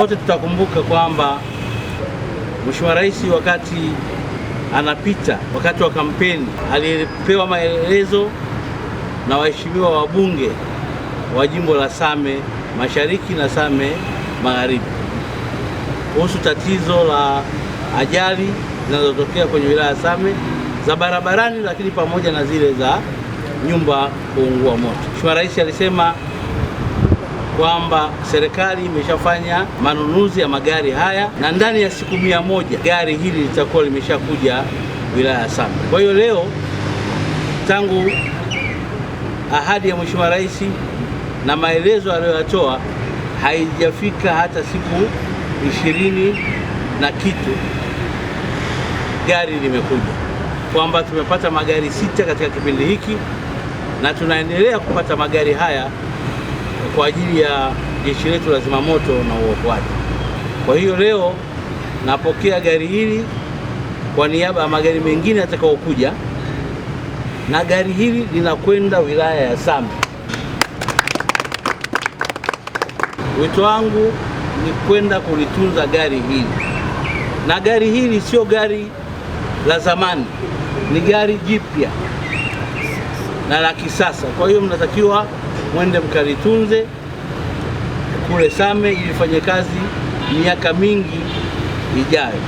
wote tutakumbuka kwamba Mheshimiwa Rais wakati anapita wakati wa kampeni alipewa maelezo na waheshimiwa wabunge wa jimbo la Same Mashariki na Same Magharibi kuhusu tatizo la ajali zinazotokea kwenye wilaya ya Same za barabarani, lakini pamoja na zile za nyumba kuungua moto. Mheshimiwa Rais alisema kwamba serikali imeshafanya manunuzi ya magari haya na ndani ya siku mia moja gari hili litakuwa limeshakuja wilaya ya Same. Kwa hiyo leo tangu ahadi ya Mheshimiwa Rais na maelezo aliyoyatoa haijafika hata siku ishirini na kitu, gari limekuja, kwamba tumepata magari sita katika kipindi hiki na tunaendelea kupata magari haya kwa ajili ya jeshi letu la zimamoto na uokoaji. Kwa hiyo leo napokea gari hili kwa niaba ya magari mengine yatakayokuja, na gari hili linakwenda wilaya ya Same. Wito wangu ni kwenda kulitunza gari hili, na gari hili sio gari la zamani, ni gari jipya na la kisasa. Kwa hiyo mnatakiwa mwende mkalitunze. Kule Same ilifanya kazi miaka mingi ijayo.